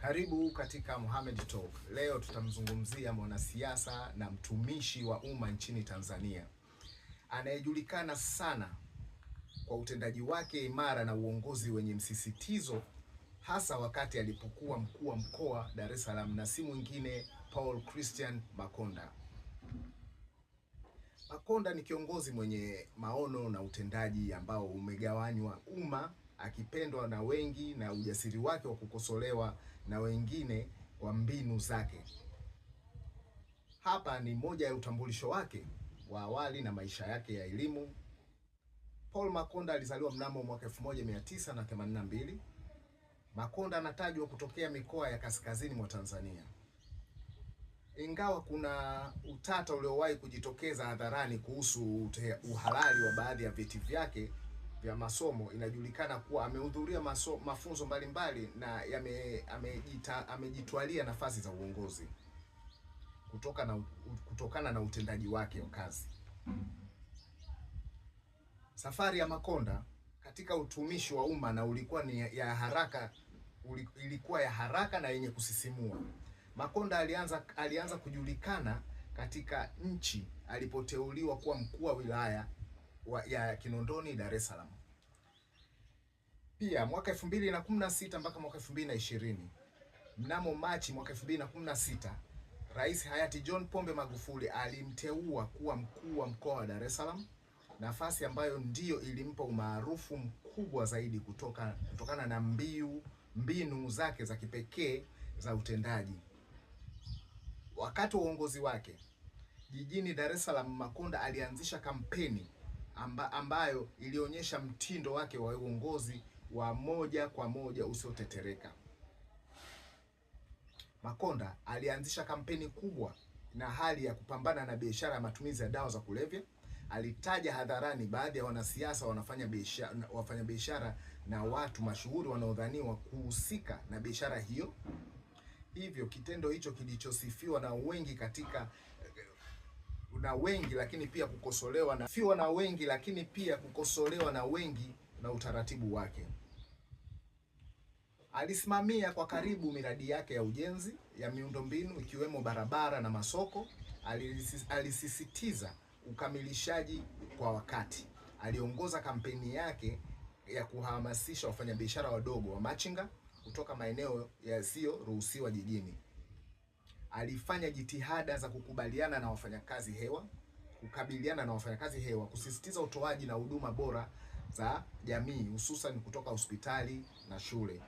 Karibu katika Mohamed Talk. Leo tutamzungumzia mwanasiasa na mtumishi wa umma nchini Tanzania anayejulikana sana kwa utendaji wake imara na uongozi wenye msisitizo, hasa wakati alipokuwa mkuu wa mkoa Dar es Salaam na si mwingine Paul Christian Makonda. Makonda ni kiongozi mwenye maono na utendaji ambao umegawanywa umma akipendwa na wengi na ujasiri wake wa kukosolewa na wengine kwa mbinu zake. Hapa ni moja ya utambulisho wake wa awali na maisha yake ya elimu. Paul Makonda alizaliwa mnamo mwaka 1982. Makonda anatajwa kutokea mikoa ya kaskazini mwa Tanzania. Ingawa kuna utata uliowahi kujitokeza hadharani kuhusu uhalali wa baadhi ya vyeti vyake vya masomo inajulikana kuwa amehudhuria mafunzo mbalimbali na amejitwalia ame nafasi za uongozi kutoka na, kutokana na utendaji wake wa kazi. Safari ya Makonda katika utumishi wa umma na ulikuwa ni ya haraka, ilikuwa ya haraka na yenye kusisimua. Makonda alianza, alianza kujulikana katika nchi alipoteuliwa kuwa mkuu wa wilaya wa, ya Kinondoni Dar es Salaam. Pia mwaka 2016 mpaka mwaka 2020, mnamo Machi mwaka 2016, Rais hayati John Pombe Magufuli alimteua kuwa mkuu wa mkoa wa Dar es Salaam, nafasi ambayo ndiyo ilimpa umaarufu mkubwa zaidi kutoka kutokana na mbiu mbinu zake za kipekee za utendaji. Wakati wa uongozi wake jijini Dar es Salaam, Makonda alianzisha kampeni amba, ambayo ilionyesha mtindo wake wa uongozi wa moja kwa moja usiotetereka. Makonda alianzisha kampeni kubwa na hali ya kupambana na biashara ya matumizi ya dawa za kulevya. Alitaja hadharani baadhi ya wanasiasa wanafanya biashara, wafanya biashara na watu mashuhuri wanaodhaniwa kuhusika na biashara hiyo. Hivyo kitendo hicho kilichosifiwa na wengi katika na wengi, lakini pia kukosolewa na fiwa na wengi, lakini pia kukosolewa na wengi na utaratibu wake. Alisimamia kwa karibu miradi yake ya ujenzi ya miundombinu ikiwemo barabara na masoko. Alisisitiza ukamilishaji kwa wakati. Aliongoza kampeni yake ya kuhamasisha wafanyabiashara wadogo wa machinga kutoka maeneo yasiyoruhusiwa jijini alifanya jitihada za kukubaliana na wafanyakazi hewa, kukabiliana na wafanyakazi hewa, kusisitiza utoaji na huduma bora za jamii hususan kutoka hospitali na shule.